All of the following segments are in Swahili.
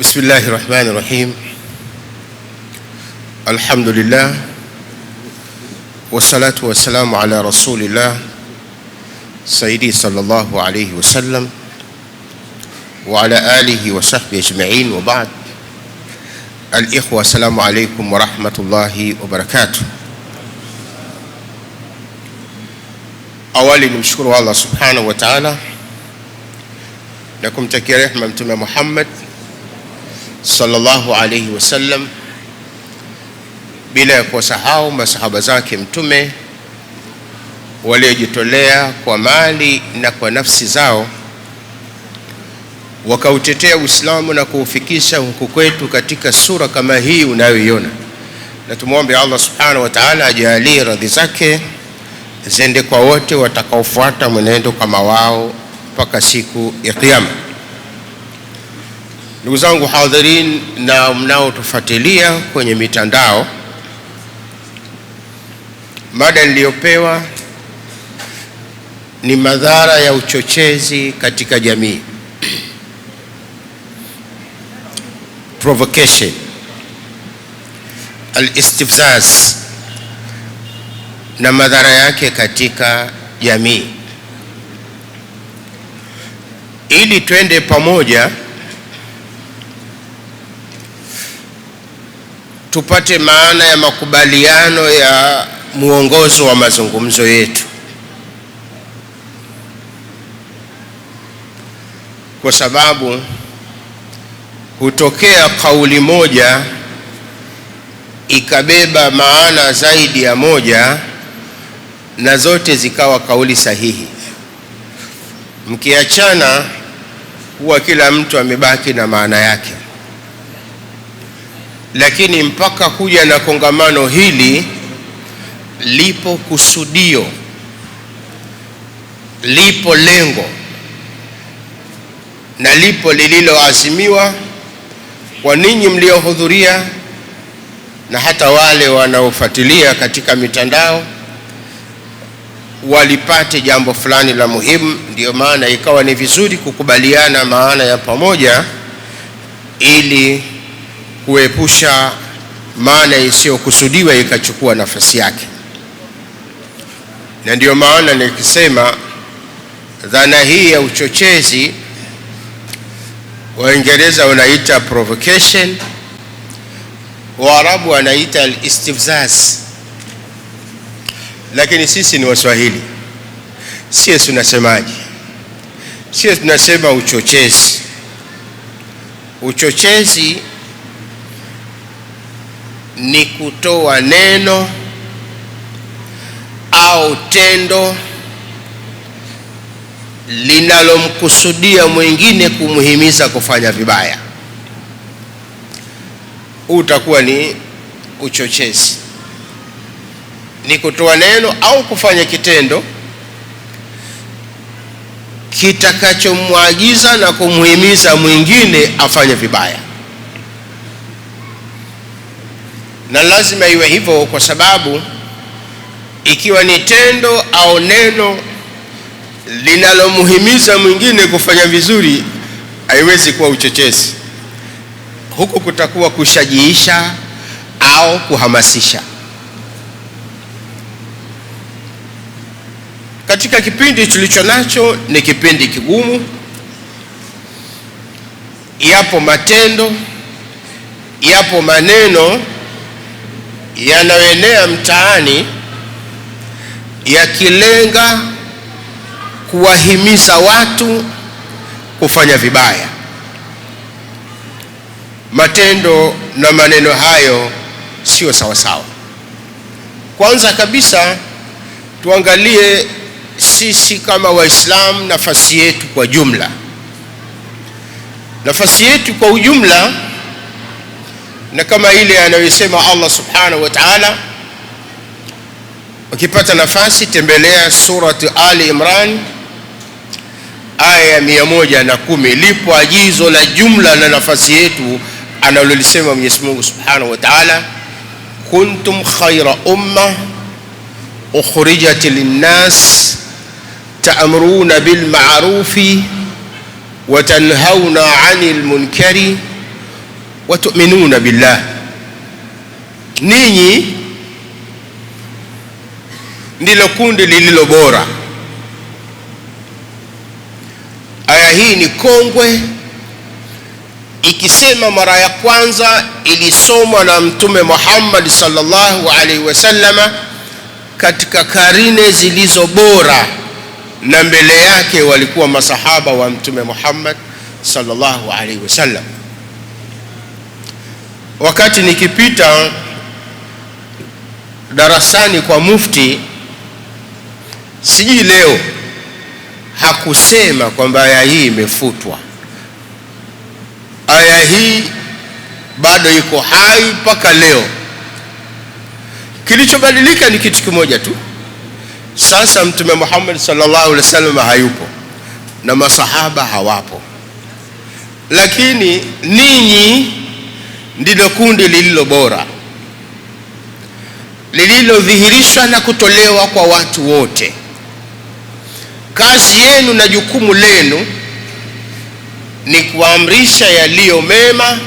بسم الله الرحمن الرحيم الحمد لله والصلاة والسلام على رسول الله سيدي صلى الله عليه وسلم وعلى آله وصحبه أجمعين وبعد الإخوة السلام عليكم ورحمة الله وبركاته أولي نشكر الله سبحانه وتعالى لكم تكي رحمة محمد sallallahu alayhi wasallam, bila ya kuwasahau masahaba zake Mtume waliojitolea kwa mali na kwa nafsi zao wakautetea Uislamu na kuufikisha huku kwetu katika sura kama hii unayoiona, na tumwombe Allah subhanahu wa ta'ala ajalie radhi zake zende kwa wote watakaofuata mwenendo kama wao mpaka siku ya Kiyama. Ndugu zangu hadhirin na mnaotufuatilia kwenye mitandao, mada niliyopewa ni madhara ya uchochezi katika jamii, provocation, al-istifzaz na madhara yake katika jamii. Ili twende pamoja tupate maana ya makubaliano ya mwongozo wa mazungumzo yetu, kwa sababu hutokea kauli moja ikabeba maana zaidi ya moja na zote zikawa kauli sahihi. Mkiachana huwa kila mtu amebaki na maana yake lakini mpaka kuja na kongamano hili lipo kusudio, lipo lengo na lipo lililoazimiwa kwa ninyi mliohudhuria na hata wale wanaofuatilia katika mitandao walipate jambo fulani la muhimu. Ndiyo maana ikawa ni vizuri kukubaliana maana ya pamoja ili kuepusha maana isiyokusudiwa ikachukua nafasi yake. Na ndiyo maana nikisema dhana hii ya uchochezi, Waingereza wanaita provocation, Waarabu wanaita istifzaz lakini sisi ni Waswahili, sie tunasemaje? Sie tunasema uchochezi. Uchochezi ni kutoa neno au tendo linalomkusudia mwingine kumhimiza kufanya vibaya. Huu utakuwa ni uchochezi, ni kutoa neno au kufanya kitendo kitakachomwagiza na kumhimiza mwingine afanye vibaya. na lazima iwe hivyo, kwa sababu ikiwa ni tendo au neno linalomhimiza mwingine kufanya vizuri, haiwezi kuwa uchochezi. Huku kutakuwa kushajiisha au kuhamasisha. Katika kipindi tulicho nacho, ni kipindi kigumu. Yapo matendo, yapo maneno yanayoenea mtaani yakilenga kuwahimiza watu kufanya vibaya. Matendo na maneno hayo sio sawasawa. Kwanza kabisa tuangalie sisi kama Waislamu nafasi yetu kwa jumla, nafasi yetu kwa ujumla na kama ile anayosema Allah subhanahu wa ta'ala. Ukipata nafasi tembelea suratu Ali Imran aya ya 110 Lipo ajizo la jumla na nafasi yetu analolisema Mwenyezi Mungu subhanahu wa ta'ala, kuntum khaira umma ukhrijat linnas ta'muruna bil ma'rufi wa tanhauna 'anil munkari watuminuna billah, ninyi ndilo kundi lililo bora. Aya hii ni kongwe, ikisema mara ya kwanza ilisomwa na Mtume Muhammad sallallahu alaihi wasallama katika karine zilizo bora, na mbele yake walikuwa masahaba wa Mtume Muhammad sallallahu alaihi wasallam. Wakati nikipita darasani kwa mufti, sijui leo hakusema kwamba aya hii imefutwa. Aya hii bado iko hai mpaka leo. Kilichobadilika ni kitu kimoja tu. Sasa Mtume Muhammad sallallahu alaihi wasallam hayupo na masahaba hawapo, lakini ninyi ndilo kundi lililo bora lililodhihirishwa na kutolewa kwa watu wote. Kazi yenu na jukumu lenu ni kuamrisha yaliyo mema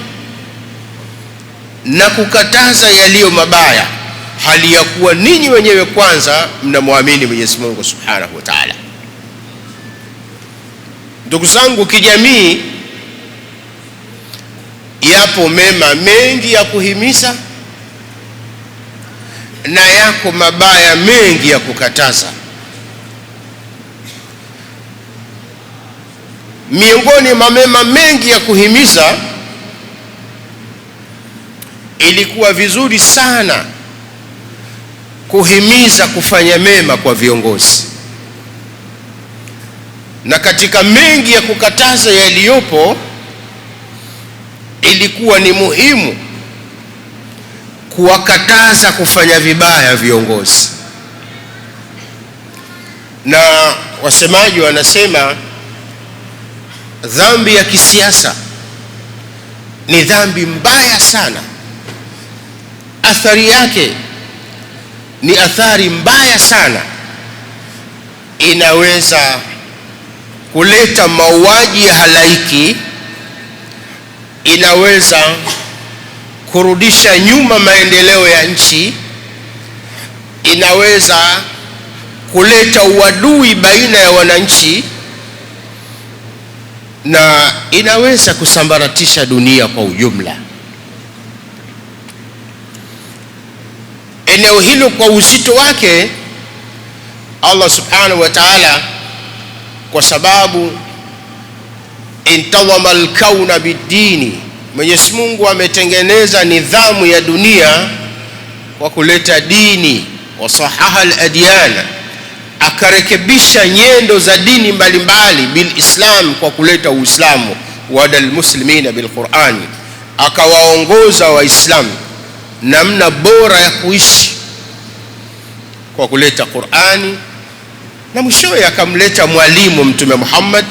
na kukataza yaliyo mabaya, hali ya kuwa ninyi wenyewe kwanza mnamwamini Mwenyezi Mungu Subhanahu wa Ta'ala. Ndugu zangu kijamii Yapo mema mengi ya kuhimiza na yako mabaya mengi ya kukataza. Miongoni mwa mema mengi ya kuhimiza, ilikuwa vizuri sana kuhimiza kufanya mema kwa viongozi, na katika mengi ya kukataza yaliyopo ilikuwa ni muhimu kuwakataza kufanya vibaya viongozi, na wasemaji wanasema dhambi ya kisiasa ni dhambi mbaya sana, athari yake ni athari mbaya sana, inaweza kuleta mauaji ya halaiki inaweza kurudisha nyuma maendeleo ya nchi, inaweza kuleta uadui baina ya wananchi na inaweza kusambaratisha dunia kwa ujumla. Eneo hilo kwa uzito wake, Allah subhanahu wa ta'ala, kwa sababu intawama alkauna bidini, Mwenyezi Mungu ametengeneza nidhamu ya dunia kwa kuleta dini. Wasahaha aladyana, akarekebisha nyendo za dini mbalimbali. Bilislam, kwa kuleta Uislamu. Wada lmuslimina bilqurani, akawaongoza Waislamu namna bora ya kuishi kwa kuleta Qurani, na mwishowe akamleta mwalimu Mtume Muhammad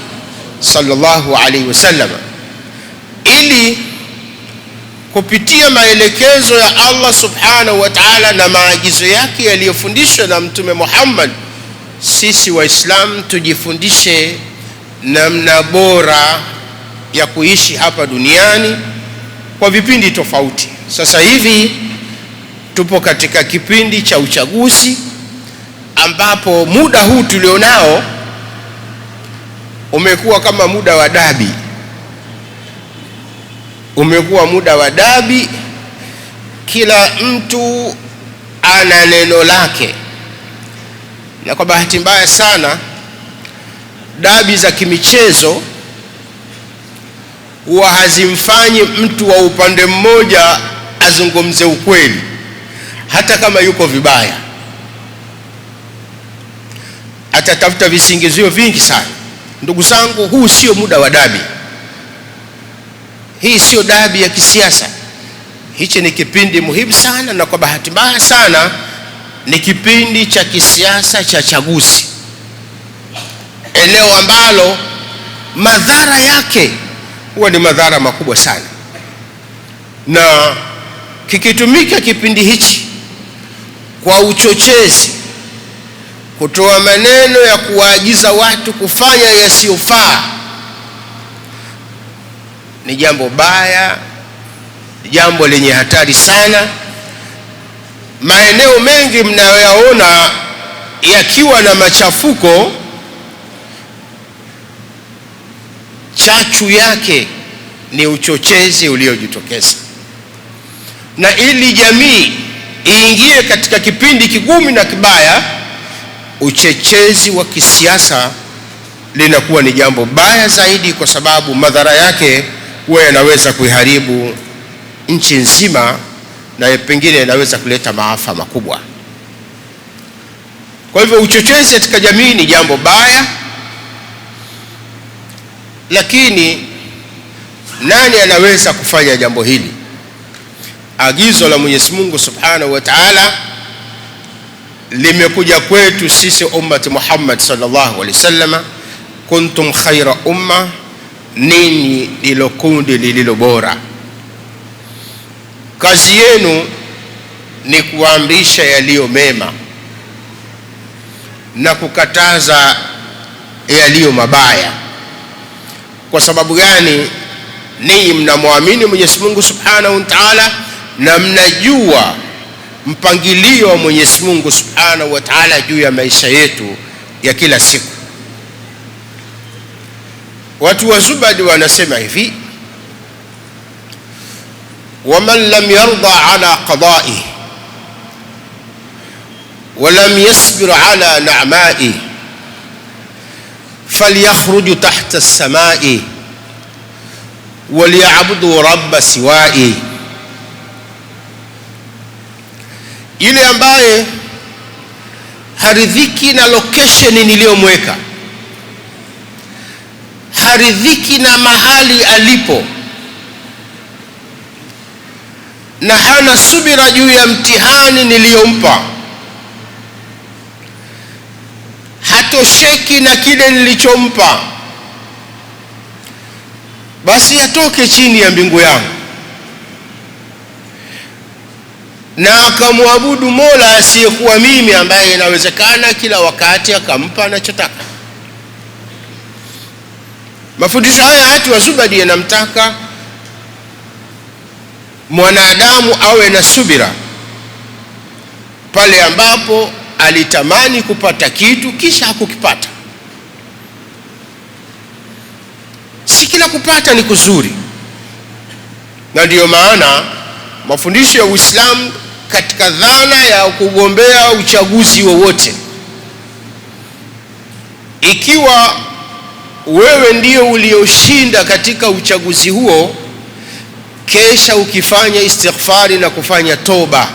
sallallahu alaihi wasallam, ili kupitia maelekezo ya Allah subhanahu wa ta'ala na maagizo yake yaliyofundishwa na Mtume Muhammad, sisi waislam tujifundishe namna bora ya kuishi hapa duniani kwa vipindi tofauti. Sasa hivi tupo katika kipindi cha uchaguzi ambapo muda huu tulionao umekuwa kama muda wa dabi, umekuwa muda wa dabi. Kila mtu ana neno lake, na kwa bahati mbaya sana dabi za kimichezo huwa hazimfanyi mtu wa upande mmoja azungumze ukweli, hata kama yuko vibaya, atatafuta visingizio vingi sana Ndugu zangu, huu sio muda wa dabi. Hii sio dabi ya kisiasa. Hichi ni kipindi muhimu sana, na kwa bahati mbaya sana ni kipindi cha kisiasa cha chaguzi, eneo ambalo madhara yake huwa ni madhara makubwa sana, na kikitumika kipindi hichi kwa uchochezi kutoa maneno ya kuwaagiza watu kufanya yasiyofaa ni jambo baya, jambo lenye hatari sana. Maeneo mengi mnayoyaona yakiwa na machafuko, chachu yake ni uchochezi uliojitokeza, na ili jamii iingie katika kipindi kigumu na kibaya uchechezi wa kisiasa linakuwa ni jambo baya zaidi, kwa sababu madhara yake huwa yanaweza kuiharibu nchi nzima na pengine inaweza kuleta maafa makubwa. Kwa hivyo uchochezi katika jamii ni jambo baya, lakini nani anaweza kufanya jambo hili? Agizo la Mwenyezi Mungu Subhanahu wa Ta'ala limekuja kwetu sisi ummati Muhammad sallallahu alaihi wasallam, kuntum khaira umma, ninyi ndilo kundi lililo bora. Kazi yenu ni kuamrisha yaliyo mema na kukataza yaliyo mabaya. Kwa sababu gani? Ninyi mnamwamini Mwenyezi Mungu subhanahu wa taala na mnajua mpangilio wa Mwenyezi Mungu Subhanahu wa Ta'ala juu ya maisha yetu ya kila siku. Watu wa Zubadi wanasema hivi, wa man lam yarda ala qada'i wa lam yasbir ala na'ma'i falyakhruj tahta as-sama'i walyabudu rabba siwa'i yule ambaye haridhiki na location niliyomweka, haridhiki na mahali alipo, na hana subira juu ya mtihani niliyompa, hatosheki na kile nilichompa, basi atoke chini ya mbingu yangu na akamwabudu Mola asiyekuwa mimi, ambaye inawezekana kila wakati akampa anachotaka. Mafundisho haya hati wa Zubadi yanamtaka mwanadamu awe na subira pale ambapo alitamani kupata kitu kisha hakukipata. Si kila kupata ni kuzuri, na ndiyo maana mafundisho ya Uislamu katika dhana ya kugombea uchaguzi wowote. Ikiwa wewe ndio ulioshinda katika uchaguzi huo, kesha ukifanya istighfari na kufanya toba,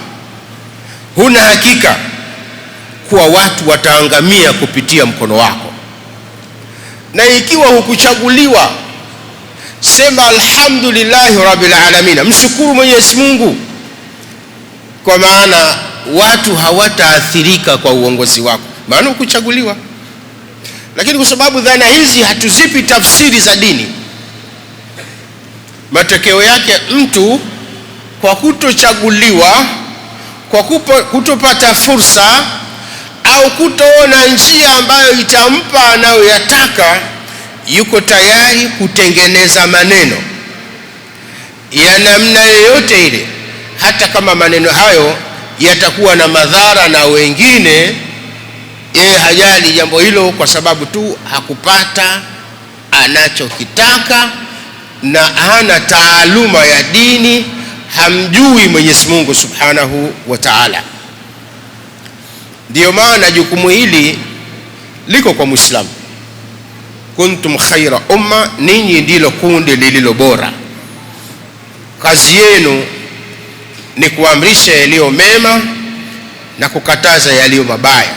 huna hakika kuwa watu wataangamia kupitia mkono wako. Na ikiwa hukuchaguliwa, sema alhamdulillahi rabbil alamin, mshukuru Mwenyezi Mungu kwa maana watu hawataathirika kwa uongozi wako, maana ukuchaguliwa. Lakini kwa sababu dhana hizi hatuzipi tafsiri za dini, matokeo yake mtu kwa kutochaguliwa, kwa kutopata fursa au kutoona njia ambayo itampa anayoyataka, yuko tayari kutengeneza maneno ya namna yoyote ile hata kama maneno hayo yatakuwa na madhara na wengine, yeye hajali jambo hilo, kwa sababu tu hakupata anachokitaka na hana taaluma ya dini, hamjui Mwenyezi Mungu Subhanahu wa Ta'ala. Ndiyo maana jukumu hili liko kwa Muislamu. Kuntum khaira umma, ninyi ndilo kundi lililo bora. Kazi yenu ni kuamrisha yaliyo mema na kukataza yaliyo mabaya.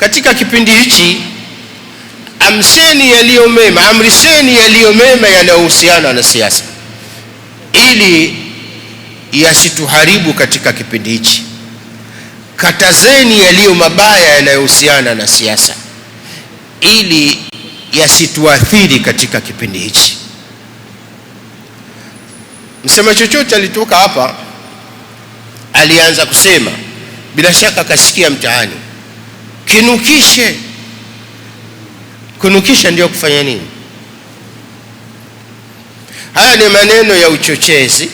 Katika kipindi hichi, amseni yaliyo mema, amrisheni yaliyo mema yanayohusiana na siasa, ili yasituharibu katika kipindi hichi. Katazeni yaliyo mabaya yanayohusiana na siasa, ili yasituathiri katika kipindi hichi. Msema chochote alitoka hapa alianza kusema, bila shaka akasikia mtaani, kinukishe. Kunukisha ndiyo kufanya nini? Haya ni maneno ya uchochezi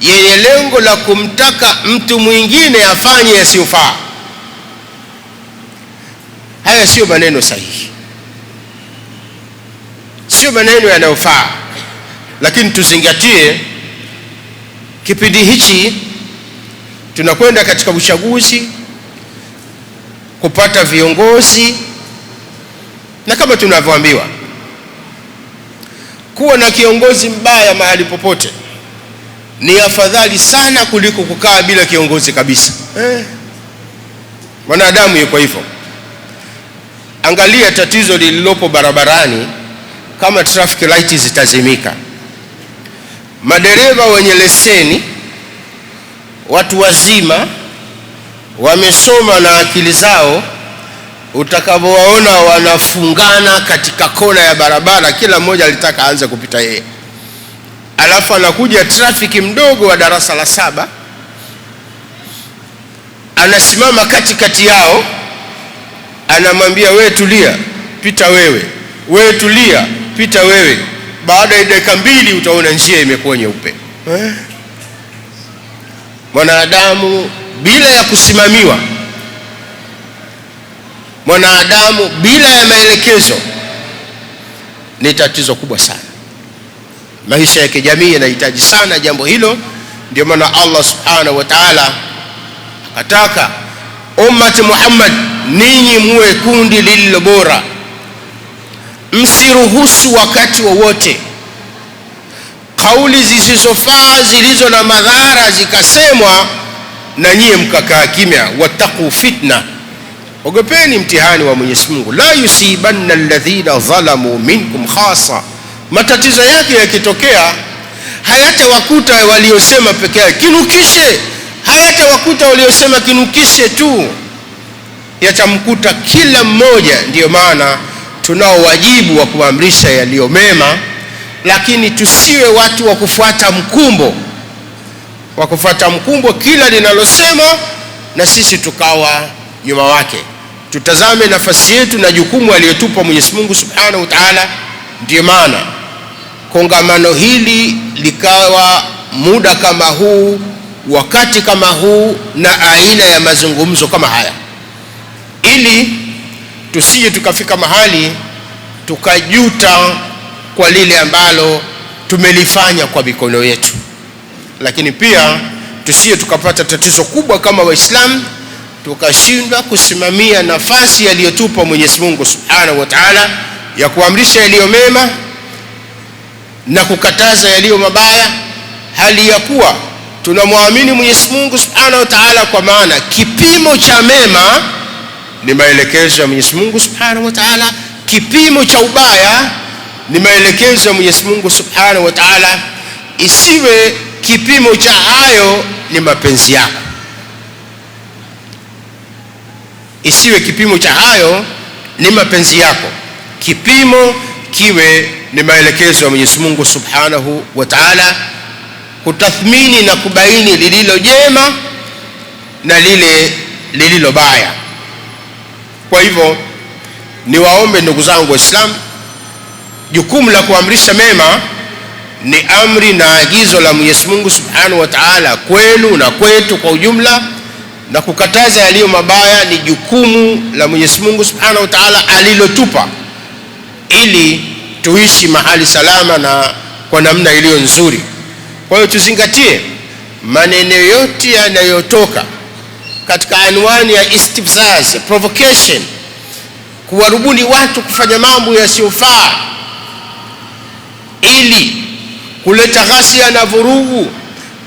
yenye lengo la kumtaka mtu mwingine afanye yasiyofaa. Haya siyo maneno sahihi, sio maneno yanayofaa, lakini tuzingatie kipindi hichi Tunakwenda katika uchaguzi kupata viongozi, na kama tunavyoambiwa, kuwa na kiongozi mbaya mahali popote ni afadhali sana kuliko kukaa bila kiongozi kabisa. Eh, mwanadamu yuko hivyo. Angalia tatizo lililopo barabarani, kama traffic light zitazimika, madereva wenye leseni watu wazima wamesoma na akili zao, utakapowaona wanafungana katika kona ya barabara, kila mmoja alitaka aanze kupita yeye, alafu anakuja trafiki mdogo wa darasa la saba anasimama katikati yao, anamwambia wewe, tulia, pita wewe, wewe tulia, pita wewe. Baada ya dakika mbili utaona njia imekuwa nyeupe eh? mwanadamu bila ya kusimamiwa, mwanadamu bila ya maelekezo ni tatizo kubwa sana. Maisha ya kijamii yanahitaji sana jambo hilo. Ndio maana Allah subhanahu wa ta'ala akataka ummati Muhammad, ninyi muwe kundi lililo bora, msiruhusu wakati wowote wa kauli zisizofaa zilizo na madhara zikasemwa, na nyie mkakaa kimya. Wattaqu fitna, ogopeni mtihani wa Mwenyezi Mungu. La yusibanna alladhina dhalamu minkum khasa matatizo yake yakitokea hayatawakuta waliosema peke yake, kinukishe. Hayatawakuta waliosema kinukishe tu, yatamkuta kila mmoja. Ndiyo maana tunao wajibu wa kuamrisha yaliyo mema lakini tusiwe watu wa kufuata mkumbo, wa kufuata mkumbo kila linalosema, na sisi tukawa nyuma wake. Tutazame nafasi yetu na jukumu aliyotupa Mwenyezi Mungu Subhanahu wa Ta'ala. Ndiyo maana kongamano hili likawa muda kama huu, wakati kama huu, na aina ya mazungumzo kama haya, ili tusije tukafika mahali tukajuta kwa lile ambalo tumelifanya kwa mikono yetu, lakini pia tusiye tukapata tatizo kubwa kama Waislamu tukashindwa kusimamia nafasi aliyotupa Mwenyezi Mungu Subhanahu wa Ta'ala ya kuamrisha yaliyo mema na kukataza yaliyo mabaya, hali ya kuwa tunamwamini Mwenyezi Mungu Subhanahu wa Ta'ala, kwa maana kipimo cha mema ni maelekezo ya Mwenyezi Mungu Subhanahu wa Ta'ala, kipimo cha ubaya ni maelekezo ya Mwenyezi Mungu Subhanahu wa Ta'ala, isiwe kipimo cha hayo ni mapenzi yako, isiwe kipimo cha hayo ni mapenzi yako. Kipimo kiwe ni maelekezo ya Mwenyezi Mungu Subhanahu wa Ta'ala, kutathmini na kubaini lililo jema na lile lililo baya. Kwa hivyo niwaombe ndugu zangu Waislamu Jukumu la kuamrisha mema ni amri na agizo la Mwenyezi Mungu Subhanahu wa Ta'ala kwenu na kwetu kwa ujumla, na kukataza yaliyo mabaya ni jukumu la Mwenyezi Mungu Subhanahu wa Ta'ala alilotupa ili tuishi mahali salama na kwa namna iliyo nzuri. Kwa hiyo tuzingatie maneno yote yanayotoka katika anwani ya istifzaz, provocation, kuwarubuni watu kufanya mambo yasiyofaa ili kuleta ghasia na vurugu.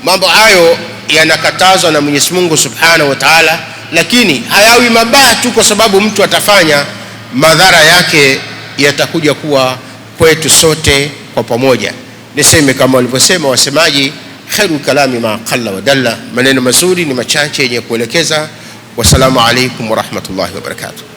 Mambo hayo yanakatazwa na Mwenyezi Mungu Subhanahu wa Ta'ala, lakini hayawi mabaya tu kwa sababu mtu atafanya, madhara yake yatakuja kuwa kwetu sote kwa pamoja. Niseme kama walivyosema wasemaji, khairu kalami ma qalla wa dalla, maneno mazuri ni machache yenye kuelekeza. Wassalamu alaikum warahmatullahi wabarakatuh.